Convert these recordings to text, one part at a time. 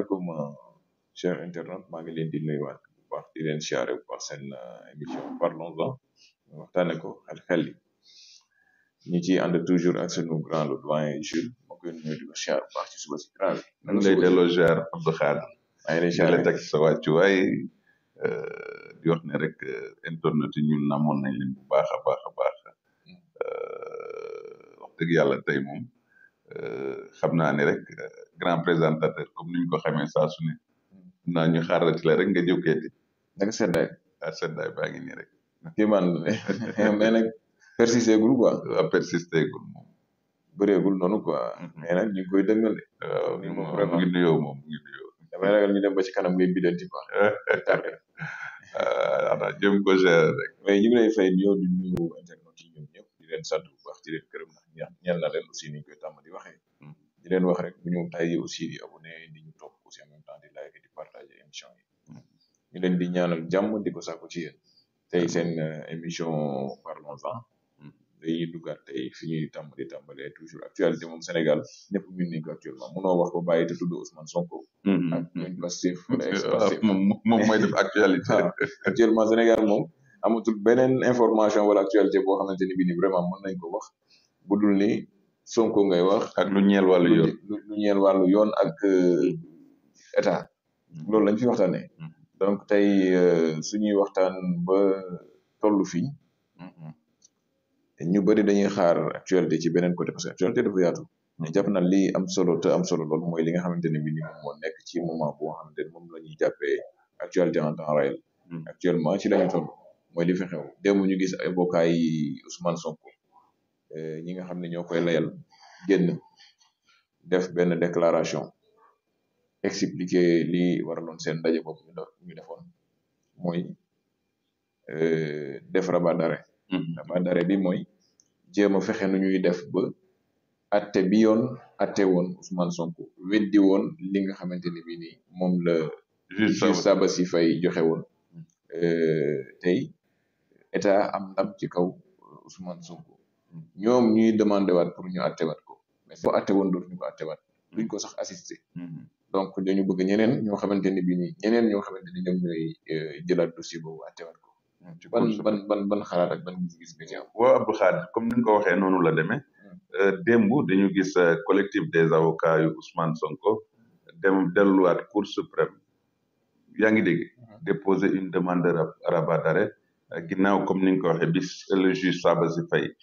asalaamaaleykum euh, chers internautes maa ngi leen di nuyuwaat bu baax di leen siyaare euh, émission parlons-en waxtaane ko xel-xel yi ñi ci toujours ak sunu grand le doyen Jules moo koy lay delloo ziar Abdou Khadre. maa ngi lay siyaare teg sa wàccuwaay euh, di wax ne rek internet yi ñun namoon nañ bu baax a a baax mm. wax dëgg yàlla tey moom xam ne rek. grand présentateur comme ni ñu ko xamee saa su ne naa ñu xaaral ci rek nga jókkeeti naka seddaay ah seddaay baa ngi nii rek kéemaan mais nag persister gul quoi waaw ah, persister gul moom bëreegul noonu quoi mm-hmm. mais nag ñu ngi koy dëngale waaw ni moom vraiment ngi nuyoo moom ngi nuyoo damay ragal ci ah, ko gérer rek mais ñu ngi lay fay nuyoo di nuyu internet yi ñoom ñëpp di leen na leen aussi koy tàmm mm-hmm. di di leen wax rek bu ñu tàyyi aussi di abonné di ñu topp aussi en même temps di like di partager émission yi ñu leen di ñaanal jàmm di ko sàkku ci tey seen euh, émission parlons-en dañuy duggaat tey fi ñuy tàmbali tàmbalee toujours actualité moom Sénégal ñëpp ñu nekk actuellement munoo wax ba bàyyi te tudd Ousmane Sonko. Mm-hmm. ak ñun passif wala mm-hmm. ex passif. Ah, moom moom ah, actuellement Sénégal moom amatul beneen information wala actualité boo xamante ni vraiment mën nañ ko wax budul ni. Sonko ngay wax. ak lu ñeel wàllu yoon lu yoon ak euh, état mm-hmm. loolu lañ fi waxtaanee. Mm-hmm. donc tey euh, suñuy waxtaan ba tollu fii. Mm-hmm. ñu bëri dañuy xaar actualité ci beneen côté parce que actualité dafa yaatu. mais jàpp na lii am solo te am solo loolu mooy li nga xamante ne bii nii nekk ci moment bu nga xamante ne moom la ñuy actualité en temps réel. actuellement ci ñu toll li fi xew démb gis ay bokkaay Ousmane Eh, ñi nga xam ne ñoo koy layal génn def benn déclaration expliquer li waraloon seen ndaje boobu ñu mooy eh, def rabat d'arrêt mm-hmm. rabat d'arrêt bi mooy jéem a fexe nu ñuy def ba atte bi yoon atte woon Ousmane Sonko weddi woon li nga xamante ni bii nii moom la juge Sabassy Faye joxe woon mm-hmm. eh, tey état am ndam ci kaw Ousmane ñoom ñuy demandé waat pour ñu attewaat ko mais boo atte woon dootuñu ko attewaat mm-hmm. duñ ko sax assister mm-hmm. donc dañu bëgg ñeneen ñoo xamante ne bi nii ñeneen ñoo xamante ni ñoom ñooy euh, jëlaat dossier boobu attewaat ko mm-hmm. ban ban ban ban xalaat ak ban gis-gis nga ci am waaw Abdou comme ni nga ko waxee noonu la demee euh, démb dañu gis euh, collectif des avocats yu Ousmane Sonko dem delluwaat cour suprême yaa ngi dégg déposer une demande de rabat d'arrêt ginnaaw comme ni nga ko waxee bis le juge Sabassy Faye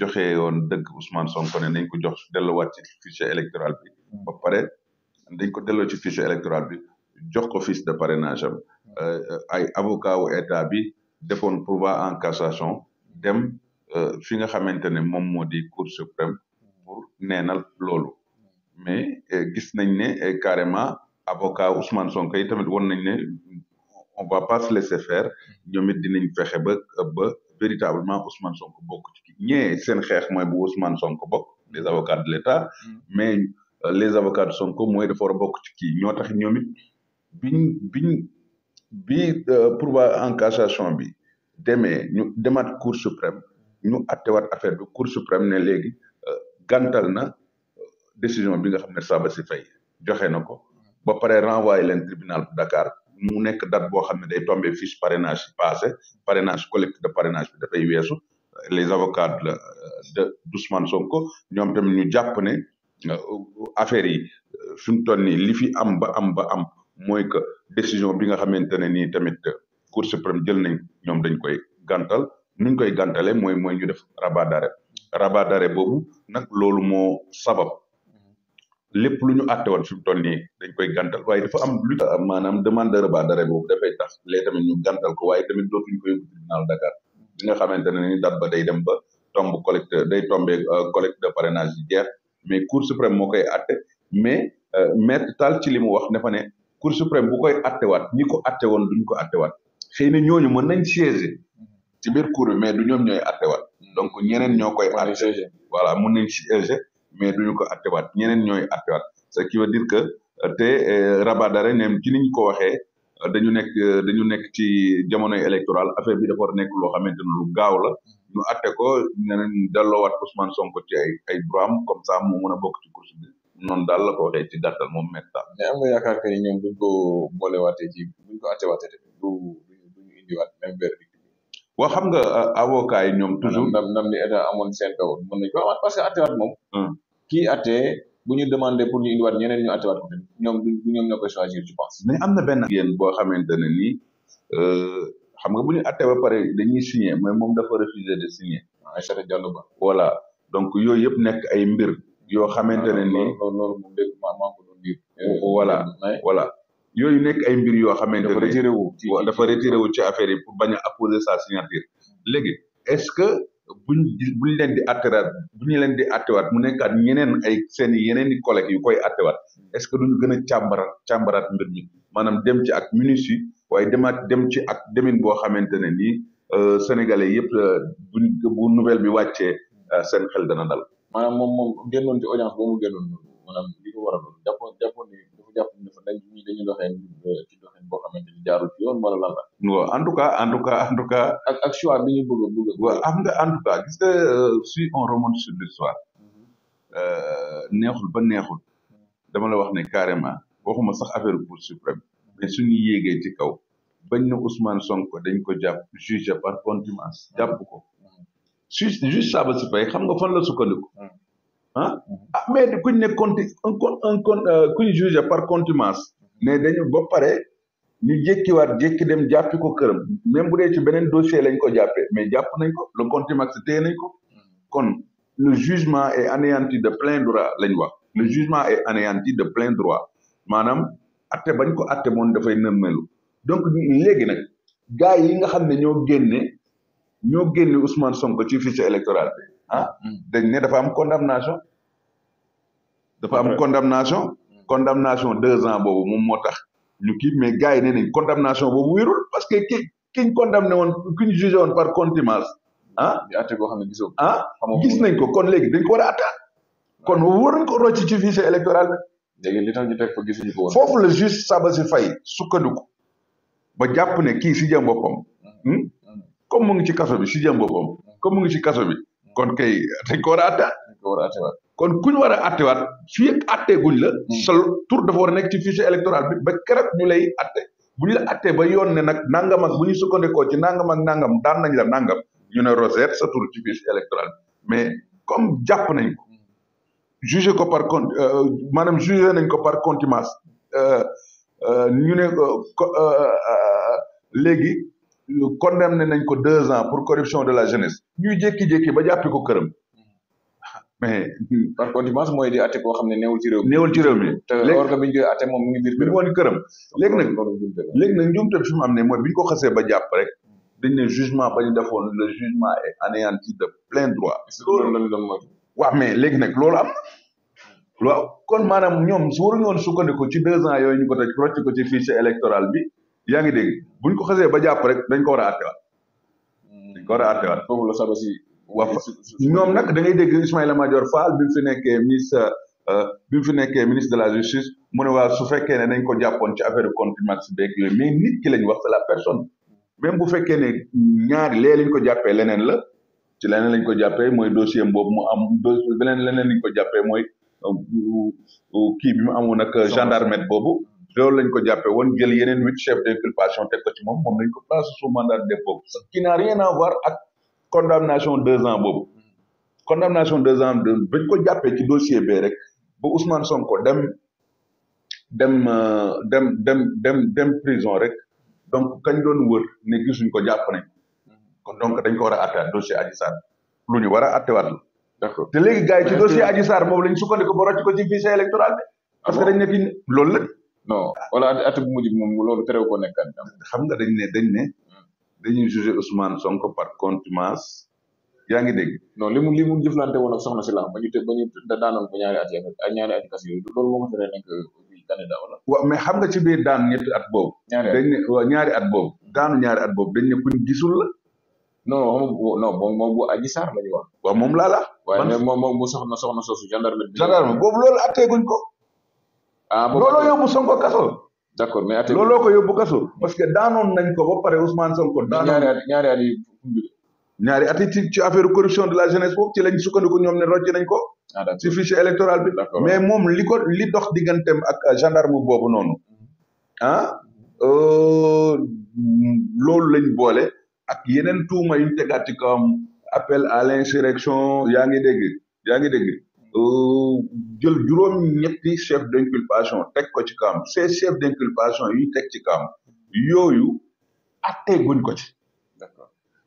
joxe woon dëgg Ousmane Sonko ne nañ ko jox delluwaat ci fichier électoral bi ba pare dañ ko delloo ci fichier électoral bi jox ko fiche de parrainage am euh, ay avocat wu état bi defoon pourvoi en cassation dem euh, fi nga xamante ne moom moo di cour suprême pour neenal loolu mais euh, gis nañ ne carrément avocat Ousmane Sonko yi tamit won nañ ne on va pas se laisser faire ñoom dinañ fexe ba ba véritablement Ousmane Sonko bokk ci ñee seen xeex mooy bu Ousmane Sonko bokk les avocats de l'État mm. mais euh, les avocats de Sonko mooy dafa war bokk ci kii ñoo tax ñoom it biñ biñ bi euh, pourvoi en cassation bi demee ñu demaat cour suprême ñu attewaat affaire bi cour suprême ne léegi euh, gàntal na décision bi nga xam ne Sabassy Faye joxe na ko ba pare renvoyé leen tribunal bu Dakar mu nekk date boo xam ne day tombé fiche parrainage yi passé parrainage collecte de parrainage bi dafay weesu les avocats de de Sonko ñoom tamit ñu jàpp ne euh, affaire yi euh, fi mu toll nii li fi am ba am ba am mooy que décision bi nga xamante ne nii tamit Cour suprême jël nañ ñoom dañ koy gàntal nuñ koy gàntale mooy mooy ñu def rabat rabadare boobu nag loolu moo sabab. lépp lu ñu àtte woon fi mu nii dañ koy gàntal waaye dafa am lu maanaam demande ba dara boobu dafay tax lee tamit ñu gàntal ko waaye tamit dootuñu ko yóbbu Dakar bi nga xamante ne ni date ba day dem ba tomb collecte day tombe euh, collecte de parrainage yi jeex mais cour suprême moo koy àtte mais euh, maître Tall ci li mu wax dafa ne cour suprême bu koy àttewaat ñi ko àtte woon duñ ko àttewaat xëy na ñooñu mën nañ siéger ci biir cour bi mais du ñoom ñooy àttewaat donc ñeneen ñoo koy àtte voilà mën nañ siéger mais duñu ko attewaat ñeneen ñooy attewaat ce qui veut dire que euh, te euh, rabat d'arrêt neem ci ko waxee euh, dañu nekk dañu nekk ci jamonoy électorale affaire bi dafa war nekk loo xamante ne lu gaaw la ñu atte ko ñeneen delloowaat Ousmane Sonko ci ay ay am comme ça mu a bokk ci course bi noonu daal la ko waxee ci gàttal moom métti daal. mais am nga yaakaar que ni ko boolewaatee wate buñ waaw xam nga euh, avocat yi ñoom toujours ndam ndam li état amoon seen kaw mën nañ ko amaat parce que attewaat moom hmm. kii attee bu ñu demander pour ñu indiwaat ñeneen ñu attewaat ko ñoom du ñoom ñoo koy choisir je pense mais am na benn yéen boo xamante ne nii euh, xam nga bu ñu atte ba pare dañuy signé mais moom dafa refusé de signer Aïssata Diallo Ba voilà donc yooyu yëpp nekk ay mbir yoo xamante ne ah, nii loolu wala dégg yooyu nekk ay mbir yoo xamante ne dafa retiré wu ci dafa retiré wu ci affaire yi pour bañ a apposer sa signature léegi est-ce que bu buñ leen di bu buñ leen di attewaat mu nekkaat ñeneen ay seen yeneen i collègues yu koy attewaat est-ce que duñu gën a càmbaraat càmbaraat mbir mi maanaam dem ci ak minus yi waaye demaat dem ci ak demin boo xamante ne nii euh, sénégalais yëpp euh, buñ bu nouvelle bi wàccee euh, seen xel dana dal. maanaam moom moom génnoon ci audience boobu mu génnoon maanaam li ko waraloon jàppoon jàpp ne dafa nekk ñi dañu doxee euh, boo xamante ni jaarul ci yoon wala lan la. waaw en tout cas en tout cas en tout cas. ak ak choix ñu bëgg a bëgg a. waaw am nga en tout cas gis nga euh, si on remonte sur l'histoire euh, neexul ba neexul dama la wax ne carrément waxuma sax affaire cour suprême mais suñu yéegee ci kaw bañ na Ousmane Sonko dañ ko jàpp jugé par contumace jàpp ko. su juste saa xam nga fan la sukkandiku. Mm-hmm. ah ah mais kuñ ne conti un un con euh, kuñ jugé par contimence mmh. mais dañu ba pare ñu jékkiwaat jékki dem jàppi ko këram même bu dee ci beneen dossier lañ ko jàppee mais jàpp nañ ko le contumace téye nañ ko mmh. kon le jugement est anéanti de plein droit lañ wax le jugement est anéanti de plein droit maanaam atte bañ ko atte moom dafay nërmelu donc léegi nag gars yi nga xam ne ñoo génne ñoo génne Ousmane Sonko ci fichier électoral bi ah, ah. Mm. dañ ne dafa am condamnation dafa am condamnation mm. condamnation deux ans boobu moom moo tax ñu kii mais gars yi nee nañ condamnation boobu wérul parce que ki kiñ condamné woon ki jugé woon par contumace ah di atte boo xam ne gisoo ah gis nañ ko kon léegi dañ ko war a attaat ah. kon waruñ ko rocc ci fichier électoral bi léegi li tax ñu teg fay gisuñu ko sukkandiku ba jàpp ne ki si jëm boppam mm. Hmm? comme mu ngi ci kaso bi si jëm boppam comme mu ngi ci kaso bi kon kay dañ ko war a attaat. war kon ku ñu war a attewaat fii ak attee guñ la. Hmm. sa tur dafa war a nekk ci fichier électoral bi ba keroog ñu lay atte bu ñu la attee ba yoon ne nag nangam ak bu ñu sukkandikoo ci nangam ak nangam daan nañ la nangam ñu ne Rosette sa tur ci fichier électoral bi mais comme jàpp nañ ko jugé ko par con euh, maanaam jugé nañ ko par contumace euh, euh, ñu ne léegi. condamné nañ ko deux ans pour corruption de la jeunesse ñuy jékki-jékki ba jàppi ko këram. mais par contumace mooy di ate koo xam ne néewul ci réew mi néewul ci réew mi te or que bi ñu koy àtte moom mu ngi biir bi woon këram léegi bi am ñu ko xasee ba jàpp rek dañ ne jugement ba ñu defoon le jugement est anéanti de plein droit waaw mais léegi nag loolu am loolu kon maanaam ñoom su waruñu woon sukkandiku ci deux ans yooyu ñu ko tëj ko ci fichier électoral bi yaa ngi dégg buñ ko xasee ba jàpp rek dañ ko war a àttewaat mm. dañ ko war a àttewaat foofu la saba si ñoom nag da ngay dégg Ismaïla Madior Fall bi mu fi nekkee ministre euh, bi fi nekkee ministre de la justice mu ne waa su fekkee ne dañ ko jàppoon ci affaire contumace beeg yooyu mais nit ki lañ wax c'est la personne même bu fekkee ne ñaar lee ko jàppee leneen la ci leneen lañ ko jàppee mooy dossier boobu mu am beneen leneen lañ ko jàppee mooy euh, kii bi mu amoon nag gendarmerie boobu loolu lañ ko jàppee woon jël yeneen huit chefs d'inculpation teg ko ci moom moom lañ ko placé sous de dépôt qui n'a rien à voir ak condamnation deux ans boobu condamnation deux ans bañ ko jàppee ci dossier bee rek ba Ousmane Sonko dem dem euh, dem dem dem dem prison rek donc kañ doon wër ne gisuñ ko jàpp nañ kon donc dañ ko war a àttewaat dossier Adji Sarr lu ñu war a àttewaat la d'accord te léegi gars yi ci dossier Adji Sarr moom lañ sukkandiku ba rocc ko ci fichier électoral bi parce que ah dañ nekk loolu la non wala at bu mujj bi moom loolu terew ko ne kandidat. xam nga dañ ne dañ ne. Hmm. dañuy jugé Ousmane Sonko par contumace. yaa ngi dégg. non li mu li mu jëflante woon soxna si la ba ñu te ba ñu daanoon ko ñaari at ak ñaari at kas loolu moo ko teree nekk candidat wala. mais xam nga ci biir daan ñetti at boobu. ñaari at dañ ne ñaari at boobu. Hmm. daanu ñaari at boobu dañ ne kuñ gisul la. non non moom moom bu Adji Sarr la ñu wax. waaw moom laa la. waaye mais moom moom bu soxna soxna soosu gendarme bi. gendarme boobu loolu atteeguñ ko. ah boobu looloo yóbbu Sonko kaso. d' accord mais at. looloo ko yóbbu kaso parce que daanoon nañ ko ba pare Ousmane Sonko. daanoon ñaari at ñaari at ci ci corruption de la jeunesse boobu ci lañ sukkandiku ñoom ne rocce nañ ko. ah d' accord ci fichier électoral bi. mais moom li ko li dox digganteem ak gendarme boobu noonu. ah euh, loolu lañ boole ak yeneen tuuma yu ñu tegaat ci kawam appel à l' insurrection yaa ngi dégg yaa ngi Euh, jël juróom ñetti chef d' inculpation teg ko ci kaam ces chef d' inculpation yi teg ci kaam yooyu attee guñ ko ci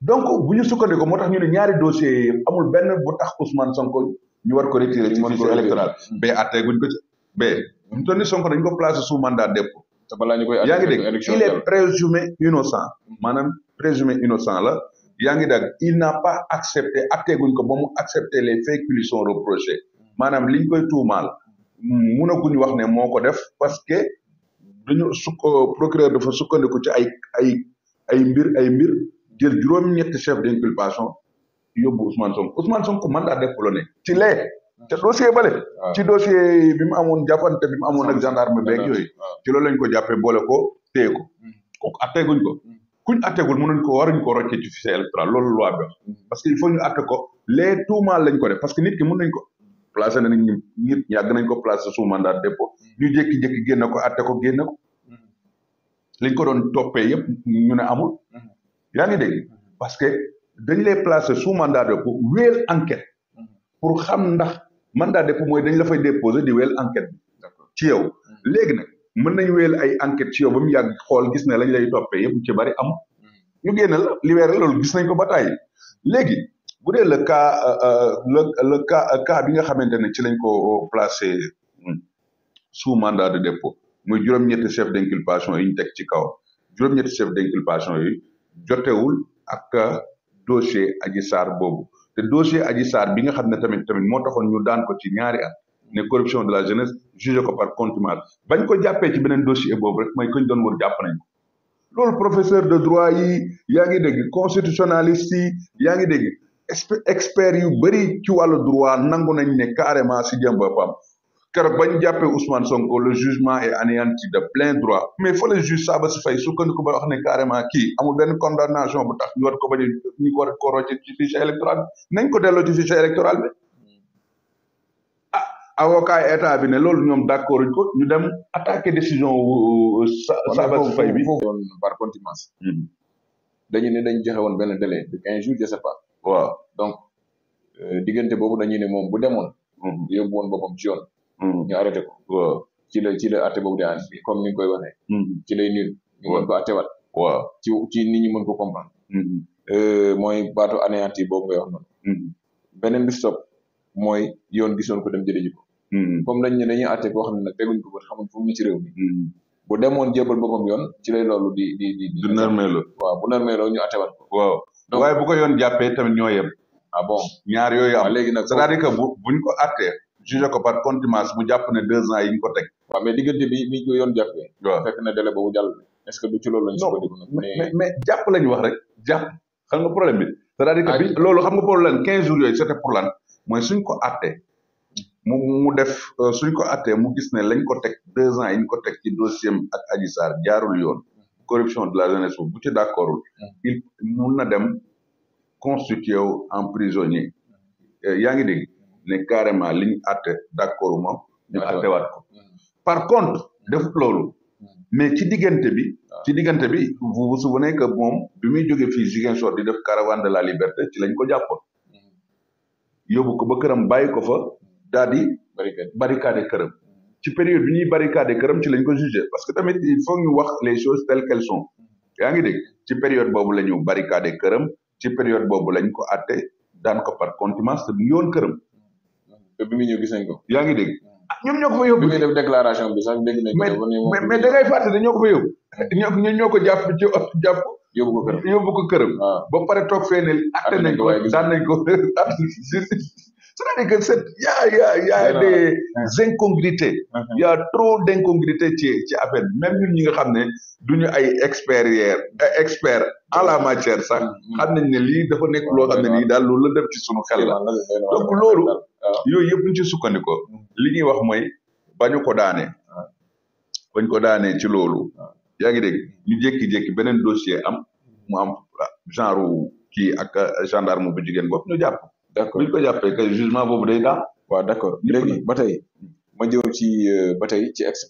donc bu ñu sukkandiku moo tax ñu ne ñaari dossiers yi amul benn bu tax Ousmane Sonko ñu war ko retirer ci fichier électoral mais attee guñ ko ci mais ñu toll ni Sonko dañ ko placé sous mandat dépôt te balaa ñu koy yaa ngi dégg il est présumé innocent maanaam présumé innocent la yaa ngi dégg il n'a pas accepté attee guñ ko ba mu accepté les faits qui lui sont reprochés maanaam liñ koy tuumaal munaguñ wax ne moo ko def parce que duñu sukk procureur dafa sukkandiku ci ay ay ay mbir ay mbir jël juróom-ñetti chef d'inculpation yóbbu Ousmane Sonko Ousmane Sonko mandat def la ne ci lee te dossier bale ci dossier bi mu amoon jàppante bi mu amoon ak gendarme beeg ci loolu lañ ko jàppee boole ko téye ko hmm. kooku atteeguñ ko hmm. kuñ atteegul a ko waruñ ko roccee ci fichier électoral loolu loi bi hmm. parce que il faut ñu atte ko lee tuumaal lañ ko def parce que nit ki mën nañ ko placé nañ ñu nit yàgg nañ ko placé sous mandat de dépôt mm. ñu jékki-jékki génne ko atte ko génne ko mm. liñ ko doon toppee yëpp ñu ne amul mm. yaa ngi dégg parce que dañ lay placé sous mandat de dépôt wéel pour xam ndax mandat de dépôt mooy dañ la fa déposé di wéel enquête bi ci yow léegi nag mën nañ wéel ay enquête ci yow ba mu yàgg xool gis ne lañ lay toppee yëpp ci bari amul ñu génne la libéré loolu gis nañ ko ba tàyyi léegi bu dee le cas euh, euh, le le cas euh, cas bi nga xamante ne ci lañ ko placé hmm, sous mandat de dépôt muy juróom-ñetti chef d'inculpation yi teg ci kaw juróom-ñetti chef d'inculpation yi jotewul ak dossier Adji Sarr boobu te dossier Adji Sarr bi nga xam ne tamit tamit moo taxoon ñu daan ko ci ñaari at ne corruption de la jeunesse jugé ko par contumace bañ ko jàppe ci beneen dossier boobu rek mooy ko doon war jàpp nañ ko professeur de droit yi yaa ngi dégg constitutionnaliste yi yaa ngi dégg expert yu bëri ci wàllu droit nangu nañ ne carrément si jëm boppam keroog bañ jàppee Ousmane Sonko le jugement est anéanti de plein droit mais fa le juge Sabassy Faye sukkandiku ba wax ne carrément kii amul benn condamnation bu tax ñu war ko bañ ñu war ko rocce ci électoral nañ ko delloo ci fichier électoral a ah état bi ne loolu ñoom d' accord ñu ko ñu dem attaquer décision wu Sabassy Faye bi par contumace hmm. dañu ne dañ joxe woon benn délai de quinze waaw donc euh, diggante boobu dañuy ne moom bu demoon. Mm-hmm. yóbbu woon boppam ci yoon. Mm-hmm. ñu ci la ci la àtte boobu di ànd comme ni nga koy waxee. Mm-hmm. ci lay nul. ñu mën ko àttewaat. ci ci nit ñi mën ko comprendre. Euh, mooy baatu anéanti boobu ngay beneen bi stop mooy yoon gisoon ko dem jëlee ji ko. comme dañ ne dañuy àtte xam ne nag teguñ ko ba xamul fu mu ne ci réew bu demoon jébal boppam yoon ci lay loolu di di di. du narmeeloo bu narmeeloo ñu àttewaat ko. waaw donc waaye bu ko yoon jàppee tamit ñoo yem. Ah bon ñaar yooyu am nag c'est-à-dire que bu buñ ko attee jugé ko par contumace mu jàpp ne deux ans yi ñu ko teg. waaw mais diggante bi bi ko yoon jàppee. waaw fekk na délai boobu jàll. est-ce que du ci loolu lañ. sukkandiku nag mais wax rek jàpp xam nga problème bi. c'est-à-dire que bi loolu xam nga problème quinze jours yooyu c'était pour lan mooy suñ ko attee mu mu def euh, suñ ko attee mu gis ne lañ ko teg deux ans yi ñu ko teg ci dossier am ak Adji Sarr yoon. corruption de la jeunesse bu ci d'accordul hmm. il mun na dem constitué wu en prisonnier eh, yaa ngi dégg ne carrément liñ àtte d'accord ma ñu àttewaat ko hmm. par contre def loolu hmm. mais ci diggante bi ah. ci diggante bi vous vous souvenez que moom bi muy jóge fii Ziguinchor di def caravane de la liberté ci lañ ko jàppoon yóbbu ko ba këram bàyyi ko fa daal di barricade këram ci période bi ñuy barricade këram ci lañ ko jugé parce que tamit il faut ñu wax les choses telles qu'elles yaa ngi dégg ci période boobu lañu ñu barricade këram ci période boobu lañ ko atte daan ko par contumace te mu ngi woon këram. bi mu ñëw gis nañ ko. yaa ngi dégg. Ah, ñoom ñoo ko fa yóbbu. bi muy bi sax dégg nañ ko. mais mais da ngay ne ñoo ko fa yóbbu. ñoo ñoo ko jàpp ci jàpp. yóbbu ko këram yóbbu këram. Ah. ba pare toog fee ne atte nañ ko daan nañ ko C'est-à-dire que uh-huh. il y, ya y a des trop d'incongruités ci ci affaire même ñun ñi nga xam ne du ñu ay experts euh, expert en la matière sax mm-hmm. xam nañ ne lii dafa nekk loo xam ne lii daal loolu la def ci sunu xel la loolu yooyu yëpp ñu ci sukkandikoo mm-hmm. li ñuy wax mooy bañu ko daanee bañ ko daanee ci loolu yaa ngi dégg ñu jékki beneen dossier am mu am genre kii ak gendarme bu jigéen bopp ñu jàpp d'accord bu ñu ko jàppee que jugement boobu day daal. waaw d'accord léegi ba tey ma jëm ci euh, ba tey ci ex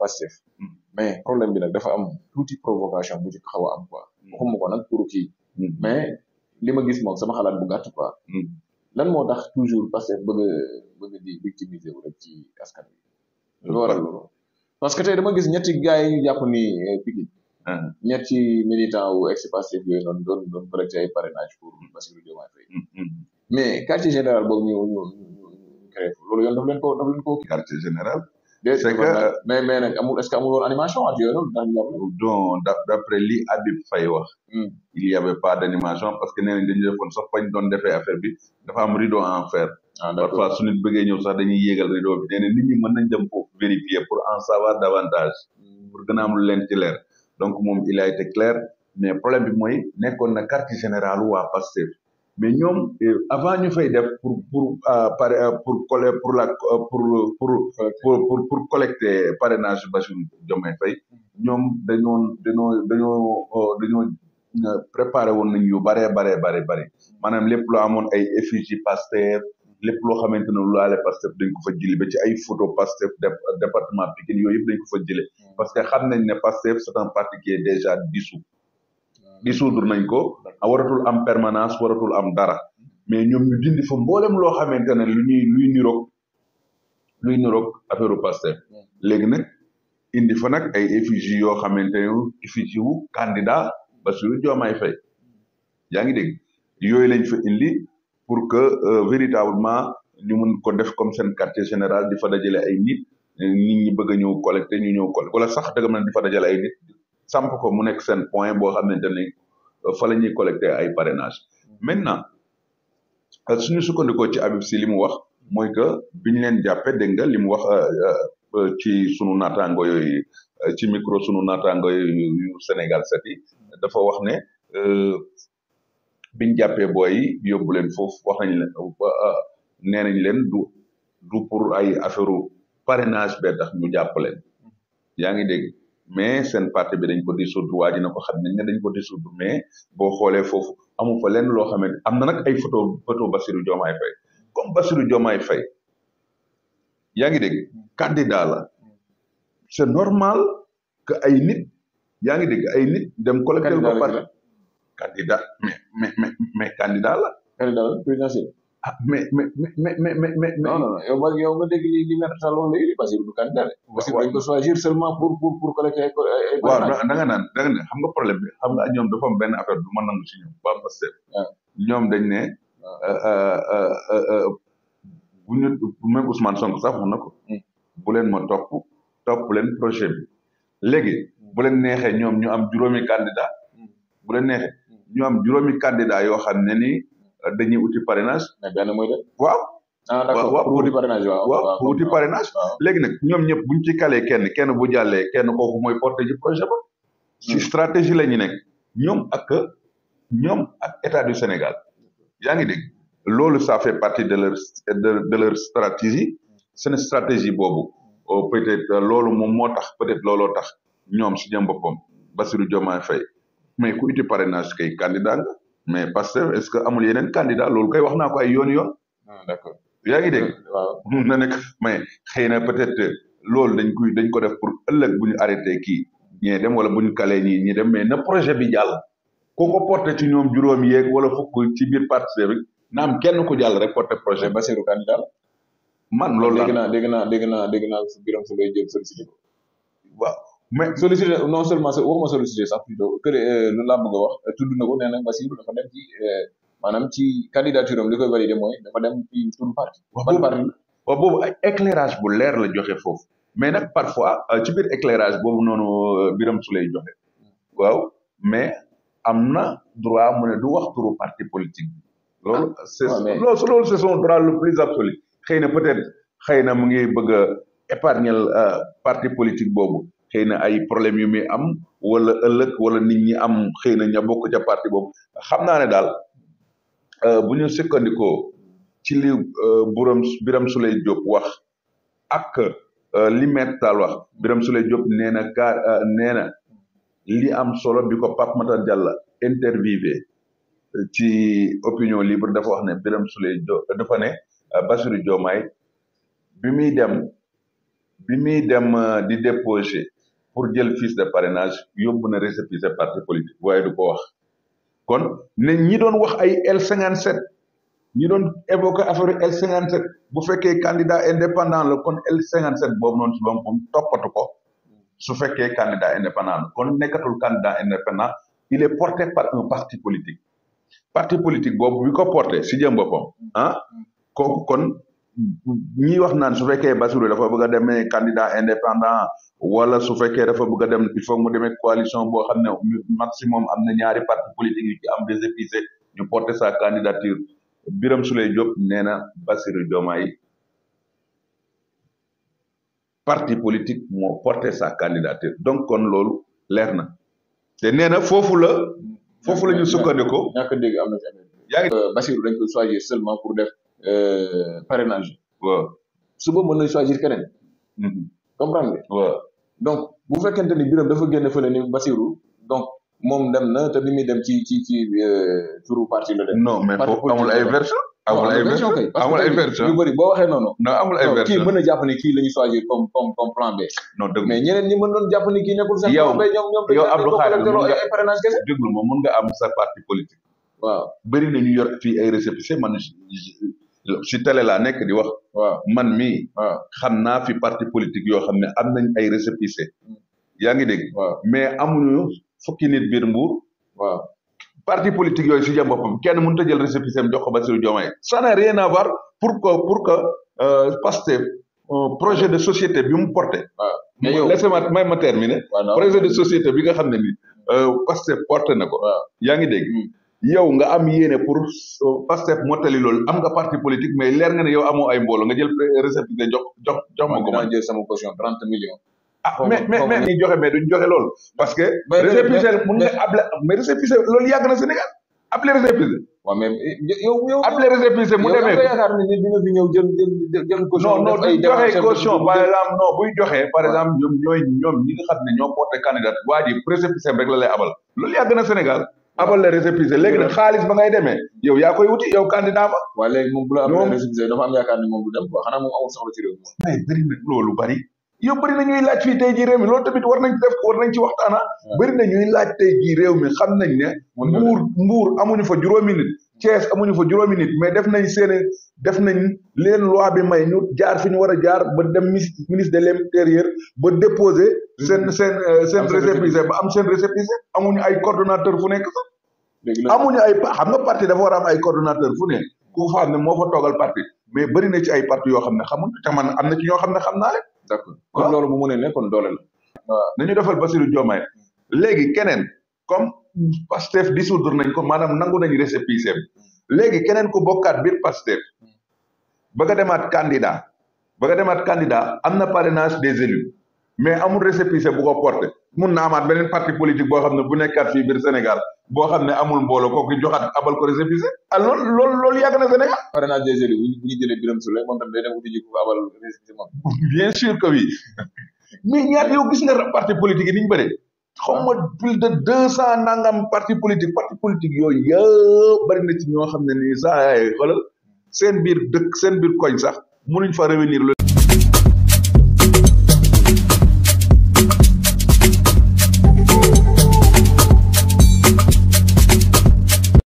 hmm. mais problème bi nag dafa am tuuti provocation bu ci xaw a am quoi. Hmm. waxuma ko nag pour kii. Hmm. mais li ma gis moom sama xalaat bu gàtt quoi. lan moo tax toujours Pastef bëgg a bëgg di victimiser wu rek ci askan wi. lu waral loolu. parce que tey dama gis ñetti gars yi ñu jàpp ni euh, Pikine. ñetti militant wu ex yooyu noonu doon doon bëri mais quartier général boobu ñu ñu ñu ko daf leen ko. quartier général. c'est que mais mais nag amul est-ce que animation ak donc d'après li Habib Faye wax. Hmm. il y avait pas d'animation parce que nee nañ dañu defoon sax fañ doon defee affaire bi dafa am rideau en fer. ah parfois su nit bëggee ñëw sax dañuy yéegal rideau bi nee na nit ñi mën nañ dem foofu vérifier pour en savoir davantage. Hmm. pour gën a am leen ci leer donc moom il a été clair mais problème bi moy nekkoon na quartier général wa Pastef. mais ñoom euh, avant ñu fay def pour pour euh, par euh, pour col pour la pour pour pour pour collecter parrainage Bassirou Diomaye Faye ñoom dañoo dañoo dañoo dañoo préparé woon nañu yu bare bare bare bare maanaam lépp loo amoon ay effigie Pastef lépp loo xamante ne lu laale Pastef dañ ko fa jële ba ci ay photo Pastef département Pikine yooyu yëpp dañ ko fa jële parce que xam nañ ne Pastef déjà dissous di dissoudre nañ ko waratul am permanence waratul am dara mais ñoom ñu dindi fa mboolem loo xamante ne lu ñuy luy niroog luy niroog affaire u Pastef léegi nag indi fa nag ay effigie yoo xamante ne effigie wu candidat Bassirou Diomaye Faye yaa ngi dégg yooyu lañ fa indi pour que euh, véritablement ñu mun ko def comme seen quartier général di fa dajale ay nit nit ñi bëgg a ñëw collecté ñu ñëw collecté wala sax dëgg na di fa dajale ay nit samp ko mu nekk seen point boo xamante ne euh, fa la ñuy collecté ay parrainage maintenant euh, suñu sukkandikoo ci Habib Sy li mu wax mooy que biñ leen jàppee dégg nga li mu wax euh, ci sunu naataango yooyu ci micro sunu naataango yooyu Sénégal set dafa wax ne biñ jàppee booy yi yóbbu leen foofu wax nañ leen nee nañ leen du du pour ay affaire parrainage bee tax ñu jàpp leen yaa ngi dégg. mais seen parti bi dañ ko dissoudre waa dina ko xam nañ ne dañ ko dissoudre mais boo xoolee foofu amu fa lenn loo xamante am na nag ay photo photo Bassirou Diomaye Faye comme Bassirou Diomaye Faye yaa ngi dégg candidat la c'est normal que ay nit yaa ngi dégg ay nit dem collecté ko parti candidat mais mais mais candidat la mais mais mais mais mais. non non yow man yow nga dégg li léegi parce que du de. parce que dañ ko choisir seulement pour pour pour collecter ay. ay da nga naan da nga ne xam nga problème bi xam nga ñoom dafa am benn affaire du ma nangu si ñoom ba parce que. ñoom dañ ne. bu ñu même Ousmane Sonko sax wax na ko. bu leen ma topp topp leen projet bi léegi bu leen neexee ñoom ñu am juróomi candidat ñoom leen neexee ñu juróomi candidat yoo xam ne ni. dañuy uti parrainage. mais benn mooy def waaw. ah d'accord waaw pour uti parrainage waaw. waaw pour uti parrainage. léegi nag ñoom ñëpp buñ ci calee kenn kenn bu jàllee kenn kooku mooy porté ji projet ba. Hmm. stratégie la ñu nekk ñoom ak ñoom ak état du Sénégal yaa ngi dégg loolu ça fait partie de leur de, leur stratégie seen stratégie boobu oh, peut-être loolu moom moo tax peut-être looloo tax ñoom su jëm boppam Bassirou Diomaye Faye mais ku uti parrainage kay candidat mais parce que est-ce que amul yeneen candidat loolu kay wax naa ko ay yoon yoon. Ah, d'accord yaa ngi dégg. Euh, waaw na nekk mais xëy na peut-être loolu dañ koy dañ ko def pour ëllëg bu ñu arrêté kii ñee dem wala bu ñu kalee ñii ñii dem mais na projet bi jàll. ku ko porté ci ñoom juróom yeeg wala fukk ci biir parti bi na kenn ku jàll rek porté projet bi. Bassirou candidat la man loolu la dégg naa dégg naa dégg naa dégg naa biram su lay jël sollicité ko waaw. mais sollicité non seulement waxuma sollicité sax plutôt que euh, lu laa bëgg a wax tudd na ko nee na Bassirou dafa ci euh, maanaam ci candidature am li koy validé dafa dem ci turu parti. ban parti waaw boobu éclairage bu leer la joxe foofu mais nag parfois euh, ci biir éclairage boobu noonu Birame Souleye joxe waaw mais am na droit mu ne du wax turu parti politique bi loolu c'est loolu c'est son droit le plus absolu xëy na peut-être xëy na mu ngi bëgg a épargner parti politique boobu. xëy na ay problème yu muy am wala ëllëg wala nit ñi am xëy na ña bokk ca parti boobu xam naa ne daal euh, bu ñu sukkandikoo ci li euh, buram Biram Souleye Diop wax ak euh, li Maître Tall wax Biram Souleye Diop nee na car nee na li am solo bi ko Pape Matar Diallo ci opinion libre dafa wax ne Biram Souleye Diop dafa ne Bassirou Diomaye bi muy dem bi muy dem di déposé pour jël fiche de parrainage yóbbu na récépissé parti politique waaye du ko wax kon ne ñi doon wax ay L57 ñi doon évoqué affaire L57 bu fekkee candidat indépendant la kon L57 boobu noonu si boppam toppatu ko su fekkee candidat indépendant la kon nekkatul candidat indépendant il est porté par un parti politique parti politique boobu bi ko porté si jëm boppam ah kon. ñi wax naan su fekkee Bassirou dafa bëgg a demee candidat indépendant wala su fekkee dafa bëgg a dem il faut mu demee coalition boo xam ne maximum am na ñaari parti politique yu ci am des épicés ñu porter sa candidature biram Souleye Diop nee na Bassirou Diomaye parti politique moo porter sa candidature donc kon loolu leer na te nee na foofu la foofu la ñu sukkandikoo. ñàkk dégg am na fi yaa ngi euh, Bassirou dañ ko choisir seulement pour def. Euh, parrainage waaw suba mën na choisir keneen mm-hmm. comprendre nga waaw donc bu fekkente ni biram dafa génn fële ni Basirou donc moom dem na te bi muy dem ci ci ci euh, turu parti la dem non amul ay version amul ay version kay amul ay version yu bëri boo waxee noonu non amul ay version kii mën a jàpp ni kii la ñu choisir comme comme comme plan ñeneen ñi mën doon jàpp ki kii nekkul seen plan B ñoom ñoom yow Abdou Khadre ay parrainage kese déglu moom parti politique waaw bëri na ñu yor fii ay récépissé man si télé laa nekk di wax. man mi xam naa fi parti politique yoo xam ne am nañ ay récépissé. Hmm. yaa ngi dégg. waaw mais amuñu fukki nit biir Mbour. waaw parti politique yooyu si jëm boppam kenn mënut ta jël récépissé am jox ko Bassirou Diomaye. ça n'a rien à voir pour que pour que euh, Pastef projet de société bi mu porté. waaw mais yow laissez-moi may ma terminer. projet de société bi nga xam ne nii euh, Pastef porté na ko. yaa ngi dégg. Hmm. yow nga am yéene pour Pastef mottali loolu am nga parti politique mais leer nga ne yow amoo ay mbooloo nga jël récépissé euh, jox jox jox ma ko. ma jël trente millions. ah mais mais mais ñu joxe mais duñ joxe loolu. parce que récépissé mun nga able mais récépissé loolu yàgg na Sénégal able récépissé. waaw mais eh, mu demee ko yow yaakaar ne dina fi ñëw jël jël jël caution. non joxe caution par exemple non buy joxe par exemple ñoom ñooy ñoom ñi ñoo porté candidat waa ji récépissé rek la lay abal loolu yàgg a Sénégal. abal la récépissé léegi nag xaalis ba ngay demee yow yaa koy wuti yow candidat ba. waaw léegi moom bu la amee récépissé dafa am yaakaar ni moom du dem quoi xanaa moom amul soxla ci réew mi. waaye loolu bëri. yow bëri na ñuy laaj fii tey jii réew mi loolu tamit war nañ def war nañ ci waxtaana bëri na ñuy laaj tey jii réew mi xam nañ ne mbuur mbuur amuñu fa juróomi nit Thiès amuñu fa juróomi nit mais def nañ seeni def nañ leen loi bi may ñu jaar fi ñu war a jaar ba dem ministre de l'intérieur ba déposé seen seen euh, seen récépissé ba am seen récépissé amuñu ay cordonateur fu nekk sax amuñu ay xam nga parti dafa war am ay coordonnateur fu nekk ku fa xam ne moo fa toogal parti mais bëri na ci ay parti yoo xam ne xamuñ te man am na ci ñoo xam ne xam naa d'accord ah. kon loolu mu mënee ne nekkoon doole la. nañu defal Bassirou Diomaye léegi keneen comme Pastef dissoudre nañ ko maanaam nangu nañu récépissé léegi keneen ku bokkaat biir Pastef bëgg a demaat candidat bëgg a demaat candidat am na parrainage des élus mais amul récépissé bu ko mun na amaat beneen parti politique boo xam ne bu nekkaat fii biir Sénégal boo xam ne amul mbooloo kooku joxaat abal ko récépissé ah loolu lool lool yàgg na Sénégal parrainage des élus bu ñu jëlee Birame Souleye moom tam ko abal récépissé moom bien yow gis nga parti politique yi ni ñu bëri xaw ma plus de deux cent nangam parti politique parti politique yooyu yëpp bëri na ci ñoo xam ne nii saa yaay seen biir dëkk seen biir koñ sax mënuñ fa revenir